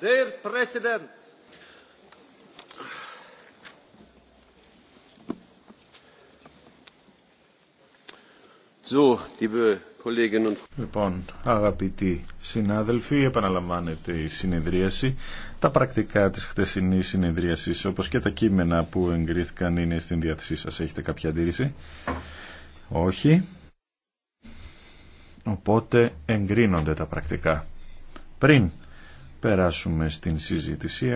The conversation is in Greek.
Dear President, Λοιπόν, αγαπητοί συνάδελφοι, επαναλαμβάνεται η συνεδρίαση. Τα πρακτικά της χτεσινής συνεδρίασης, όπως και τα κείμενα που εγκρίθηκαν, είναι στην διάθεσή σας. Έχετε κάποια αντίρρηση. Όχι. Οπότε εγκρίνονται τα πρακτικά. Πριν περάσουμε στην συζήτηση